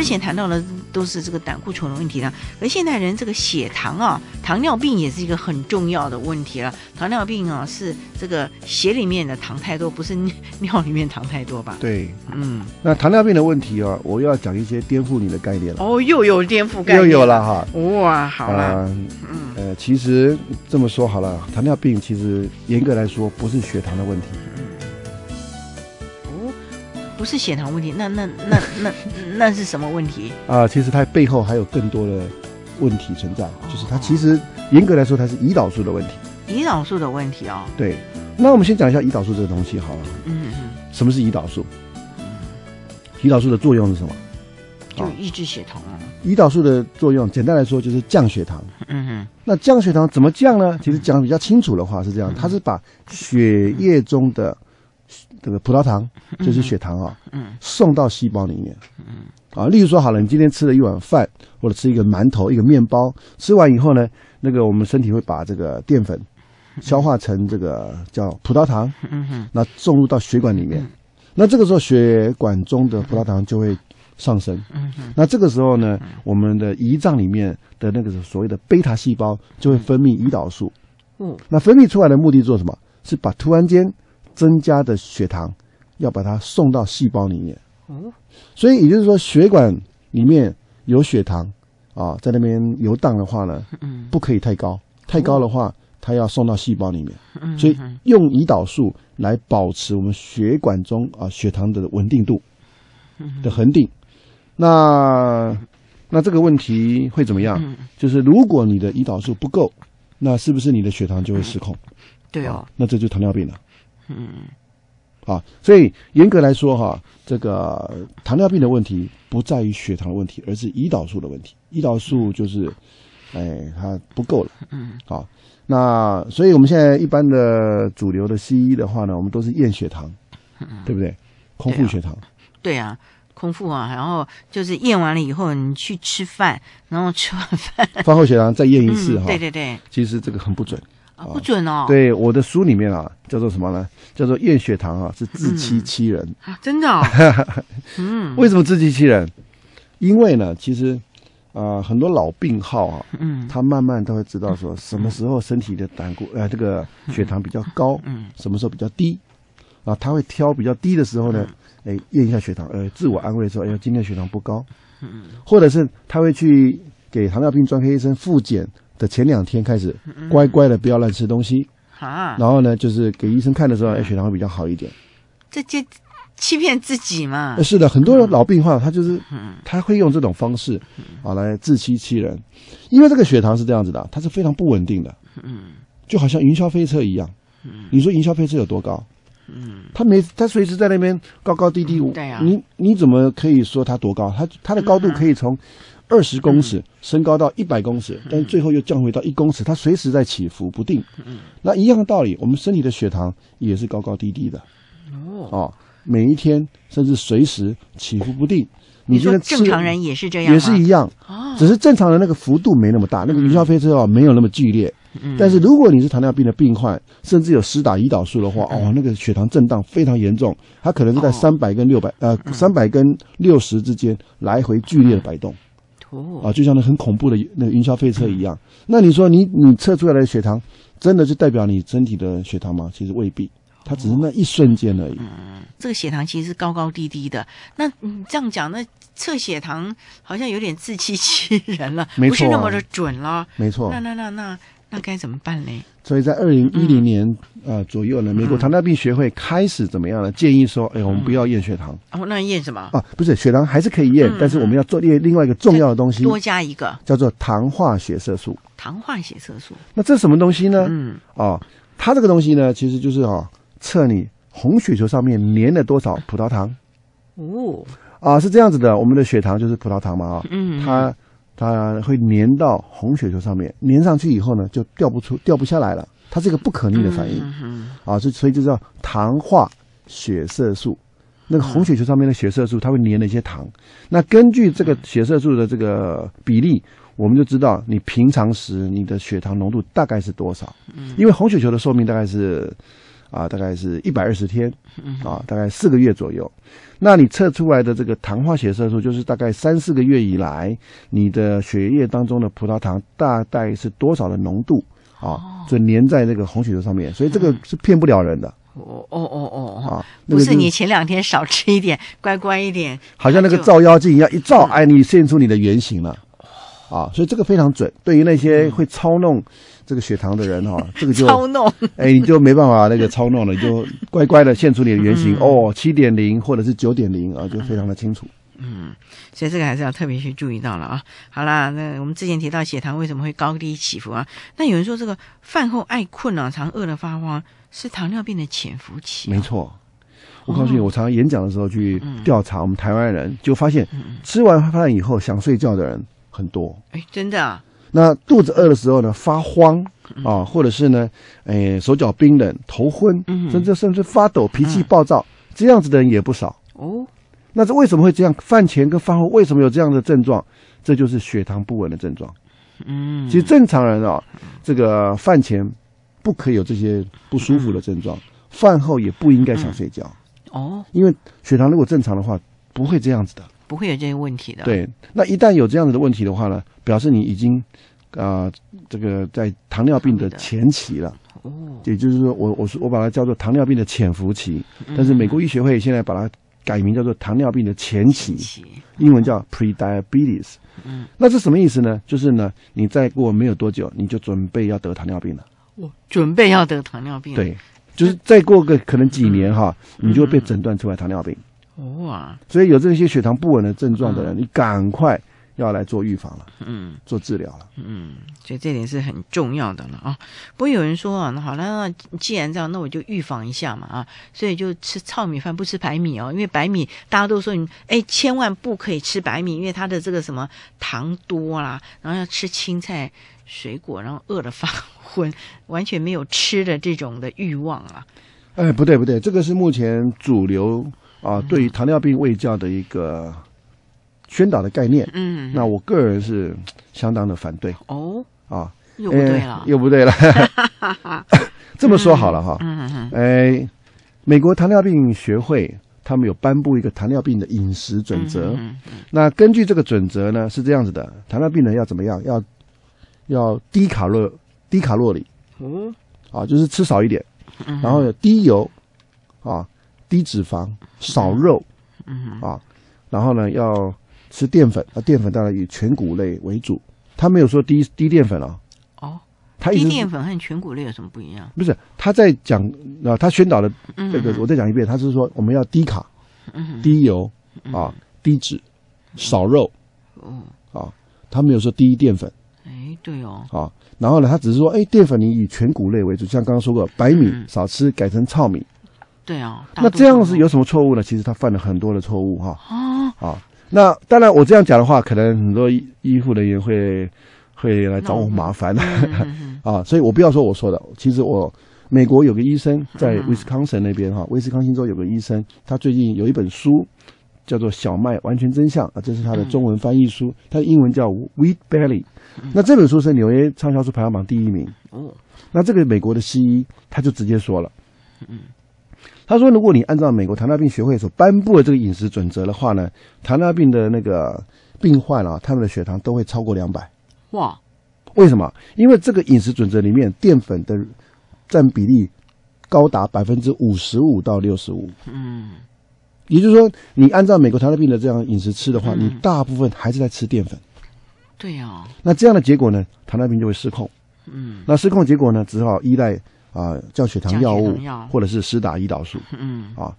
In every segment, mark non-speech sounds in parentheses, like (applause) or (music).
之前談到的都是這個膽固醇的問題了，而現代人這個血糖啊，糖尿病也是一個很重要的問題了。糖尿病啊，是這個血裡面的糖太多，不是尿裡面糖太多吧？對，嗯。那糖尿病的問題啊，我又要講一些顛覆你的概念了。哦，又有顛覆概念，又有了哈、啊。哇，好了、啊啊。嗯，呃，其實這麼說好了，糖尿病其實嚴格來說不是血糖的問題。嗯不是血糖問題，那那那那那，那是什麼問題啊？呃，其實它背後還有更多的問題存在，就是它其實嚴格來說它是胰島素的問題。胰島素的問題哦。對，那我們先講一下胰島素這個東西，好了。嗯嗯。什麼是胰島素？嗯，胰島素的作用是什麼？就抑制血糖啊。胰島素的作用，簡單來說就是降血糖。嗯哼。那降血糖怎麼降呢？其實講的比較清楚的話是這樣，嗯，它是把血液中的這個葡萄糖就是血糖啊、哦嗯嗯，送到細胞裡面。啊，例如說好了，你今天吃了一碗飯，或者吃一個饅頭、嗯、一個麵包，吃完以後呢，那個我們身體會把這個澱粉消化成這個叫葡萄糖，那、嗯、送、嗯、入到血管裡面、嗯。那這個時候血管中的葡萄糖就會上升、嗯嗯嗯。那這個時候呢，我們的胰臟裡面的那個所謂的貝塔細胞就會分泌胰島素，嗯。嗯，那分泌出來的目的做什麼？是把突然間。增加的血糖，要把它送到細胞裡面。嗯，所以也就是說，血管裡面有血糖啊，在那邊遊蕩的話呢，嗯，不可以太高，太高的話，它要送到細胞裡面。所以用胰島素來保持我們血管中啊血糖的穩定度的恆定。那那這個問題會怎麼樣？就是如果你的胰島素不夠，那是不是你的血糖就會失控？對哦，那這就糖尿病了。嗯，啊，所以嚴格來說，哈，這個糖尿病的問題不在於血糖的問題，而是胰島素的問題。胰島素就是，哎、嗯欸，它不夠了。嗯，好，那所以我們現在一般的主流的西醫的話呢，我們都是驗血糖、嗯，對不對？空腹血糖、嗯對啊。對啊，空腹啊，然後就是驗完了以後，你去吃飯，然後吃完飯，飯後血糖再驗一次。哈、嗯，對對對，其實這個很不準。啊、不準哦！對，我的書裡面啊，叫做什麼呢？叫做驗血糖啊，是自欺欺人。嗯啊、真的、哦？嗯。 (laughs) 為什麼自欺欺人？因為呢，其實，啊、呃，很多老病號啊、嗯，他慢慢都會知道說，什麼時候身體的膽固、嗯、呃，這個血糖比較高、嗯，什麼時候比較低，啊，他會挑比較低的時候呢，哎、嗯，驗一下血糖，呃，自我安慰說，哎、呃、呀，今天血糖不高。嗯。或者是他會去給糖尿病專科醫生複檢。的前兩天開始，乖乖的不要亂吃東西啊。然後呢，就是給醫生看的時候，哎，血糖會比較好一點。這就欺騙自己嘛。是的，很多老病患他就是，他會用這種方式啊來自欺欺、欺人，因為這個血糖是這樣子的，它是非常不穩定的。嗯，就好像雲霄飛車一樣。嗯，你說雲霄飛車有多高？嗯，他沒他隨時在那邊高高低低。對呀，你你怎麼可以說它多高？它它的高度可以從。二十公尺升，嗯、高到一百公尺，但是最後又降回到一公尺，嗯、它隨時在起伏不定，嗯。那一樣的道理，我們身體的血糖也是高高低低的哦，哦，每一天甚至隨時起伏不定。嗯、你這個正常人也是這樣，也是一樣哦。只是正常人那個幅度沒那麼大，哦，那個雲霄飛車啊沒有那麼劇烈，嗯。但是如果你是糖尿病的病患，甚至有施打胰島素的話，嗯，哦，那個血糖震盪非常嚴重，它可能是在三百跟六百，哦、呃，三百、嗯、跟六十之間來回劇烈的擺動。嗯嗯啊，就像那很恐怖的那雲霄飛車一樣。嗯、那你說你，你你測出來的血糖，真的就代表你身體的血糖嗎？其實未必，它只是那一瞬間而已。哦、嗯，這個血糖其實是高高低低的。那你這樣講，那測血糖好像有點自欺欺人了沒錯、啊，不是那麼的準了。沒錯，那那那那。那那那該怎麼辦呢？所以在二零一零年啊、嗯呃、左右呢，美國糖尿病學會開始怎麼樣呢、嗯？建議說，哎，我們不要驗血糖。嗯、哦，那驗什麼？啊，不是血糖還是可以驗、嗯，但是我們要做另外一個重要的東西，嗯、多加一個叫做糖化血色素。糖化血色素？那這什麼東西呢？嗯，啊、哦，它這個東西呢，其實就是啊、哦，測你紅血球上面粘了多少葡萄糖。哦，啊，是這樣子的，我們的血糖就是葡萄糖嘛，啊、哦，嗯，它。它會粘到紅血球上面，粘上去以後呢，就掉不出、掉不下來了。它是一個不可逆的反應，嗯、哼哼啊，就所以就叫糖化血色素。那個紅血球上面的血色素，它會粘了一些糖、嗯。那根據這個血色素的這個比例、嗯，我們就知道你平常時你的血糖濃度大概是多少。嗯，因為紅血球的壽命大概是。啊，大概是一百二十天，啊，大概四個月左右、嗯。那你測出來的這個糖化血色素，就是大概三四個月以來你的血液當中的葡萄糖大概是多少的濃度啊？哦、就粘在那個紅血球上面，所以這個是騙不了人的。哦哦哦哦，啊、哦哦就是，不是你前兩天少吃一點，乖乖一點，好像那個照妖鏡一樣一照，哎，你現出你的原形了。嗯啊，所以這個非常準。對於那些會操弄這個血糖的人哈、啊嗯，這個就操弄，哎，你就沒辦法那個操弄了，你就乖乖的現出你的原型，嗯、哦，七點零或者是九點零啊，就非常的清楚。嗯，所以這個還是要特別去注意到了啊。好啦，那我們之前提到血糖為什麼會高低起伏啊？那有人說這個飯後愛困啊，常餓得發慌，是糖尿病的潛伏期。哦。沒錯，我告訴你，我常演講的時候去調查我們台灣人，就發現吃完飯以後想睡覺的人。很多哎，真的。啊。那肚子餓的時候呢，發慌啊，或者是呢，哎、呃，手腳冰冷、頭昏，嗯、甚至甚至發抖、脾氣暴躁、嗯、這樣子的人也不少哦。那這為什麼會這樣？飯前跟飯後為什麼有這樣的症狀？這就是血糖不穩的症狀。嗯，其實正常人啊，這個飯前不可以有這些不舒服的症狀，嗯、飯後也不應該想睡覺哦、嗯，因為血糖如果正常的話，不會這樣子的。不會有這些問題的、啊。對，那一旦有這樣子的問題的話呢，表示你已經啊、呃，這個在糖尿病的前期了。哦，也就是說我，我我說我把它叫做糖尿病的潛伏期。嗯嗯。但是美國醫學會現在把它改名叫做糖尿病的前期，前期。英文叫 pre-diabetes。嗯。那這什麼意思呢？就是呢，你再過沒有多久，你就準備要得糖尿病了。哦，準備要得糖尿病。對，就是再過個可能幾年哈，你就會被診斷出來糖尿病。嗯嗯嗯哇、哦啊！所以有這些血糖不穩的症狀的人，嗯、你趕快要來做預防了，嗯，做治療了，嗯，所以這點是很重要的了啊。不過有人說啊，那好了，那既然這樣，那我就預防一下嘛啊，所以就吃糙米飯，不吃白米哦，因為白米大家都說你誒、哎，千萬不可以吃白米，因為它的這個什麼糖多啦，然後要吃青菜水果，然後餓得發昏，完全沒有吃的這種的慾望啊。哎，不對不對，這個是目前主流。啊，對於糖尿病衛教的一個宣導的概念，嗯，那我個人是相當的反對哦。啊，又不對了，又不對了。 (laughs) 這麼說好了哈、嗯，美國糖尿病學會他們有頒布一個糖尿病的飲食準則、嗯哼哼哼。那根據這個準則呢，是這樣子的：糖尿病人要怎麼樣？要要低卡路低卡路里，嗯，啊，就是吃少一點，嗯、然後有低油啊。低脂肪，少肉、嗯嗯，啊，然後呢，要吃澱粉。那、啊、澱粉當然以全穀類為主。他沒有說低低澱粉了、哦。哦，他低澱粉和全穀類有什麼不一樣？不是，他在講啊、呃，他宣導的、嗯、這個，我再講一遍，他是說我們要低卡、嗯、低油啊、嗯、低脂、少肉。哦、嗯，啊，他沒有說低澱粉。哎、欸，對哦。啊，然後呢，他只是說，哎，澱粉你以全穀類為主，像剛剛說過，白米少吃，嗯、改成糙米。對啊、哦，那這樣是有什麼錯誤呢？其實他犯了很多的錯誤哈。哦、啊，那當然，我這樣講的話，可能很多醫，醫護人員會會來找我麻煩我、 (laughs) 嗯嗯嗯嗯、啊。所以我不要說我說的，其實我美國有個醫生在威斯康辛那邊哈，嗯啊、威斯康星州有個醫生，他最近有一本書叫做《小麥完全真相》，啊，這是他的中文翻譯書，他、嗯、英文叫《Wheat Belly》、嗯、那這本書是紐約暢銷書排行榜，榜第一名。嗯、哦、那這個美國的西醫他就直接說了，嗯。他說：“如果你按照美國糖尿病學會所頒布的這個飲食準則的話呢，糖尿病的那個病患啊，他們的血糖都會超過兩百。哇，為什麼？因為這個飲食準則裡面澱粉的占比例高達百分之五十五到六十五。嗯，也就是說，你按照美國糖尿病的這樣飲食吃的話，你大部分還是在吃澱粉。對啊，那這樣的結果呢，糖尿病就會失控。嗯，那失控結果呢，只好依賴。”啊，降血糖藥物藥，或者是施打胰島素。嗯，啊，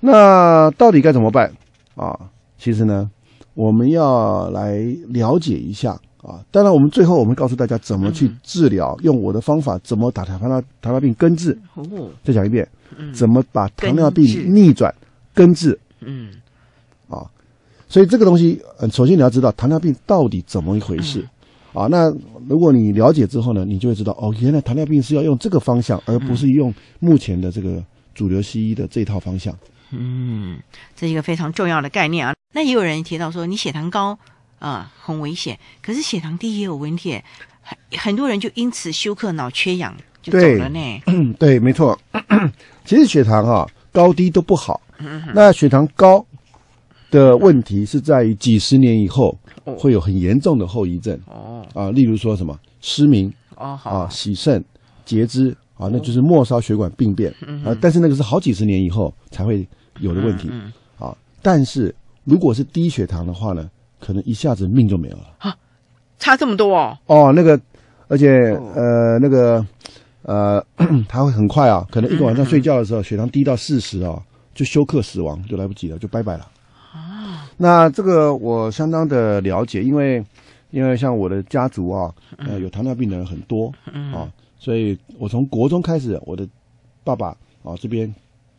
那到底該怎麼辦啊？其實呢，我們要來了解一下啊。當然，我們最後我們告訴大家怎麼去治療，嗯、用我的方法怎麼打糖，糖尿病根治。好、嗯哦，再講一遍、嗯，怎麼把糖尿病逆轉、根治。嗯，啊，所以這個東西、嗯，首先你要知道糖尿病到底怎麼一回事。嗯嗯啊，那如果你了解之後呢，你就會知道哦，原來糖尿病是要用這個方向，而不是用目前的這個主流西醫的這一套方向。嗯，這是一個非常重要的概念啊。那也有人提到說，你血糖高啊、呃、很危險，可是血糖低也有問題，很很多人就因此休克、腦缺氧就走了呢。對，對，沒錯，咳咳，其實血糖啊高低都不好。嗯、那血糖高。的問題是在於幾十年以後會有很嚴重的後遺症哦啊，例如說什麼失明哦好啊，啊洗腎、截肢啊，那就是末梢血管病變、哦、啊。但是那個是好幾十年以後才會有的問題、嗯嗯嗯、啊。但是如果是低血糖的話呢，可能一下子命就沒有了啊，差這麼多哦哦，那個而且呃那個呃咳咳，他會很快啊，可能一個晚上睡覺的時候、嗯、血糖低到四十哦，就休克死亡，就來不及了，就拜拜了。那這個我相當的了解，因為，因為像我的家族啊，嗯、呃，有糖尿病的人很多、嗯、啊，所以我從國中開始，我的爸爸啊這邊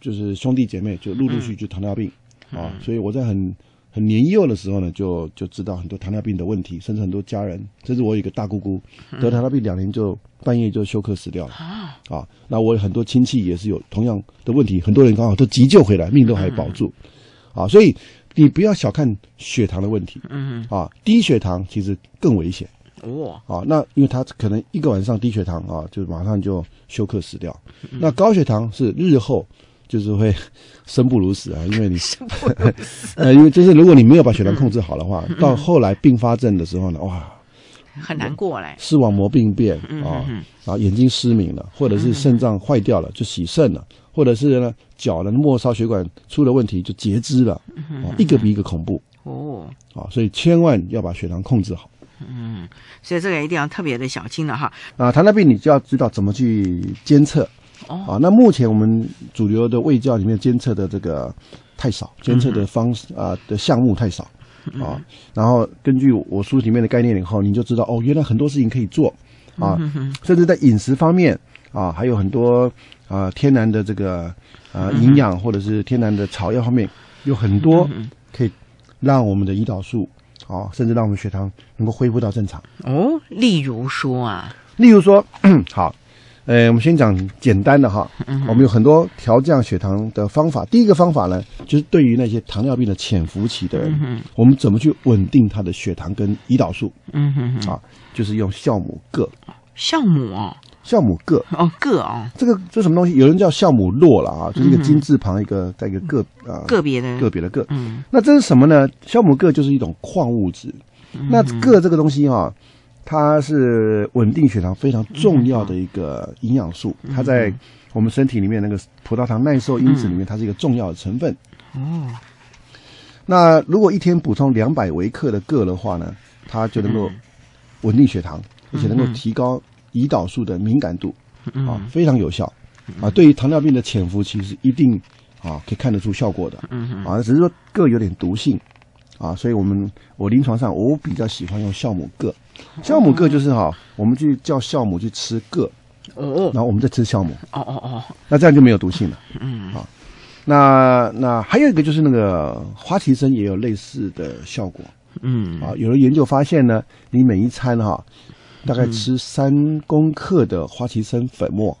就是兄弟姐妹就陸陸續續糖尿病、嗯、啊，所以我在很很年幼的時候呢，就就知道很多糖尿病的問題，甚至很多家人，甚至我有一個大姑姑得糖尿病兩年就半夜就休克死掉了啊、嗯，啊，那我很多親戚也是有同樣的問題，很多人剛好都急救回來，命都還保住、嗯、啊，所以。你不要小看血糖的問題，嗯啊，低血糖其實更危險，哇、哦、啊，那因為他可能一個晚上低血糖啊，就馬上就休克死掉、嗯。那高血糖是日後就是會生不如死啊，因為你生不如死呵呵，呃，因為就是如果你沒有把血糖控制好的話，嗯、到後來併發症的時候呢，哇。很難過來、欸，視網膜病變、嗯、啊，嗯、然後眼睛失明了、嗯，或者是腎臟壞掉了、嗯、就洗腎了、嗯，或者是呢，腳的末梢血管出了問題就截肢了、嗯啊，一個比一個恐怖、嗯、哦，啊，所以千萬要把血糖控制好，嗯，所以這個一定要特別的小心了哈。啊、呃，糖尿病你就要知道怎麼去監測、啊，哦，啊，那目前我們主流的衛教裡面監測的這個太少，嗯、監測的方式啊、嗯呃、的項目太少。啊、哦，然後根據我書裡面的概念以後，你就知道哦，原來很多事情可以做啊、嗯哼哼，甚至在飲食方面啊，還有很多啊、呃，天然的這個啊、呃嗯、營養或者是天然的草藥方面，有很多可以讓我們的胰島素啊，甚至讓我們血糖能夠恢復到正常。哦，例如說啊，例如說，嗯，好。呃，我們先講簡單的哈、嗯。我們有很多調降血糖的方法、嗯。第一個方法呢，就是對於那些糖尿病的潛伏期的人、嗯，我們怎麼去穩定他的血糖跟胰島素？嗯哼哼，啊，就是用酵母鉻。酵母哦、啊。酵母鉻哦鉻哦、啊，這個這什麼東西？有人叫酵母鉻了啊、嗯，就是一個金字旁一個帶一個鉻啊。個別的。個別的鉻。嗯。那這是什麼呢？酵母鉻就是一種礦物質。嗯、那鉻這個東西哈、啊。它是穩定血糖非常重要的一個營養素，它在我們身體裡面那個葡萄糖耐受因子裡面，它是一個重要的成分。哦，那如果一天補充兩百微克的鉻的話呢，它就能夠穩定血糖，而且能夠提高胰島素的敏感度，啊，非常有效啊。對於糖尿病的潛伏期是一定啊可以看得出效果的。嗯。啊，只是說鉻有點毒性。啊，所以我們我臨床上我比較喜歡用酵母鉻，酵母鉻就是哈、啊哦，我們去叫酵母去吃鉻，呃、哦，然後我們再吃酵母，哦哦哦，那這樣就沒有毒性了，嗯，啊，那那還有一個就是那個花旗參也有類似的效果，嗯，啊，有人研究發現呢，你每一餐哈、啊，大概吃三公克的花旗參粉末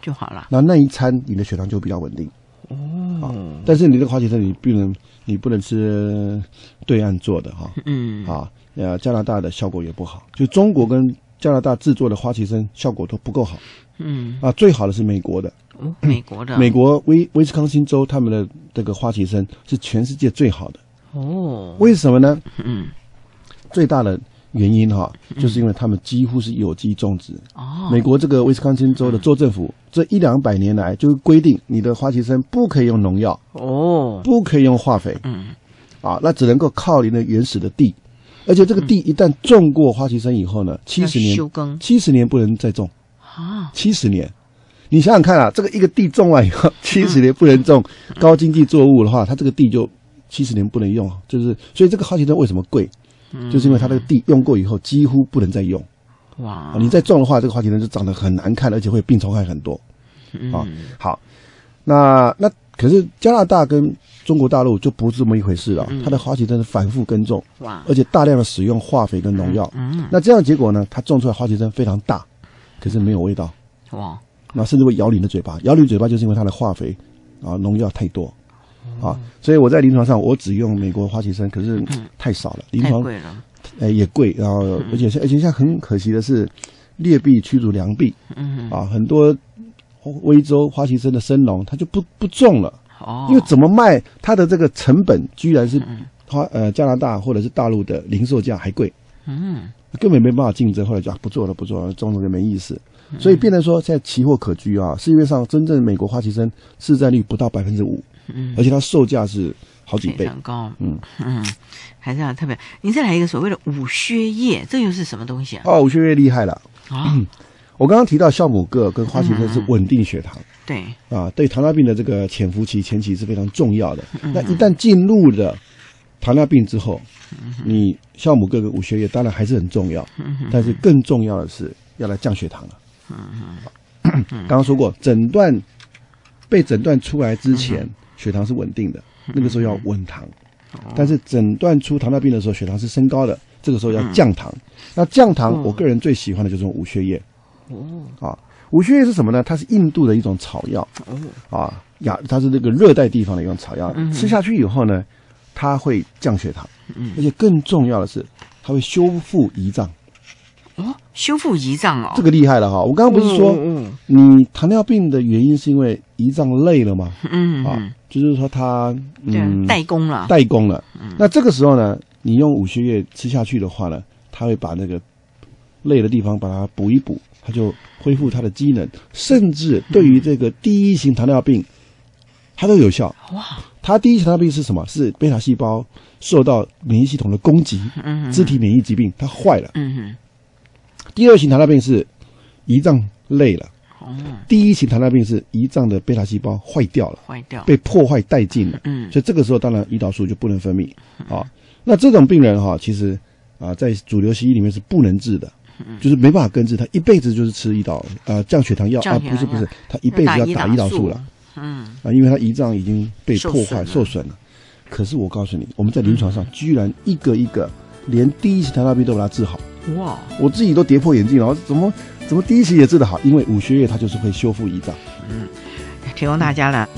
就好了，那那一餐你的血糖就比較穩定。哦，但是你這個花旗參，你不能，你不能吃對岸做的哈、哦，嗯，啊，呃，加拿大的效果也不好，就中國跟加拿大製作的花旗參效果都不夠好，嗯，啊，最好的是美國的，哦、美國的，美國威威斯康辛州他們的這個花旗參是全世界最好的，哦，為什麼呢？嗯，最大的。原因哈，就是因為他們幾乎是有機種植。哦、嗯，美國這個威斯康辛州的州政府，嗯、這一兩百年來就規定你的花旗參不可以用農藥。哦，不可以用化肥。嗯，啊，那只能夠靠你的原始的地，而且這個地一旦種過花旗參以後呢，七、嗯、十年休耕，七十年不能再種。啊。七十年，你想想看啊，這個一個地種完以後，七十年不能種、嗯、高經濟作物的話，它這個地就七十年不能用，就是所以這個花旗參為什麼貴？就是因為它那個地用過以後幾乎不能再用，嗯、哇、啊！你再種的話，這個花旗參就長得很難看，而且會病蟲害很多，啊，嗯、好。那那可是加拿大跟中國大陸就不是這麼一回事了，嗯、它的花旗參是反覆耕種，哇！而且大量的使用化肥跟農藥，嗯。那這樣的結果呢？它種出來的花旗參非常大，可是沒有味道，哇！那、啊、甚至會咬你的嘴巴，咬你嘴巴就是因為它的化肥啊農藥太多。嗯、啊，所以我在臨床上我只用美國花旗參，可是、嗯、太少了，臨床呃、欸、也貴，然、啊、後、嗯、而且而且現在很可惜的是劣幣驅逐良幣，嗯啊，很多威州花旗參的參農他就不不種了，哦，因為怎麼賣它的這個成本居然是花呃加拿大或者是大陸的零售價還貴，嗯，根本沒辦法競爭，後來就、啊、不做了，不做了，種了就沒意思，所以變得說現在奇貨可居啊，市面上真正美國花旗參市佔率不到百分之五。嗯，而且它售價是好幾倍，非常高，嗯嗯，還是要特別。你再來一個所謂的武靴葉，這又是什麼東西啊？哦，武靴葉厲害了啊！ (coughs) 我剛剛提到酵母鉻跟花旗參是穩定血糖，對、嗯、啊，對糖尿、啊、病的這個潛伏期前期是非常重要的。嗯、那一旦進入了糖尿病之後，嗯、你酵母鉻跟武靴葉當然還是很重要、嗯嗯，但是更重要的是要來降血糖了、啊。剛、嗯、剛、嗯、 (coughs) 說過，診斷被診斷出來之前。嗯嗯血糖是穩定的，那個時候要穩糖，嗯嗯啊、但是診斷出糖尿病的時候，血糖是升高的，這個時候要降糖。嗯、那降糖、哦，我個人最喜歡的就是用武靴葉。哦，啊，武靴葉是什麼呢？它是印度的一種草藥，啊，亞它是那個熱帶地方的一種草藥、嗯，吃下去以後呢，它會降血糖，而且更重要的是，它會修復胰臟。哦，修復胰臟哦，這個厲害了哈！我剛剛不是說，你糖尿病的原因是因為胰臟累了嗎？嗯嗯？嗯，啊，就是說它、嗯、對代工了，代工了、嗯。那這個時候呢，你用五穴液吃下去的話呢，它會把那個累的地方把它補一補，它就恢復它的機能。甚至對於這個第一型糖尿病，它都有效、嗯、哇！它第一型糖尿病是什麼？是貝塔細胞受到免疫系統的攻擊，嗯，嗯自體免疫疾病它壞了，嗯哼。嗯嗯第二型糖尿病是胰臟累了、哦，第一型糖尿病是胰臟的貝塔細胞壞掉了，壞掉被破壞殆盡了嗯，嗯，所以這個時候當然胰島素就不能分泌，啊、嗯哦，那這種病人哈、哦，其實啊、呃、在主流西醫裡面是不能治的，嗯、就是沒辦法根治，他一輩子就是吃胰島，啊、呃，降血糖藥啊，不是不是，他一輩子要打胰島素了，嗯，啊，因為他胰臟已經被破壞受損了，受損了，受損了，可是我告訴你，我們在臨床上居然一個一個、嗯、連第一型糖尿病都把它治好。哇、wow.！我自己都跌破眼鏡了，然後怎麼怎麼第一期也治得好？因為五學院它就是會修復胰臟。嗯，提供大家了。